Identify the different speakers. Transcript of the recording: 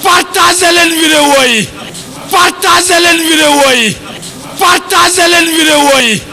Speaker 1: partagez leen vidéo yi partagez leen vidéo yi partagez leen vidéo yi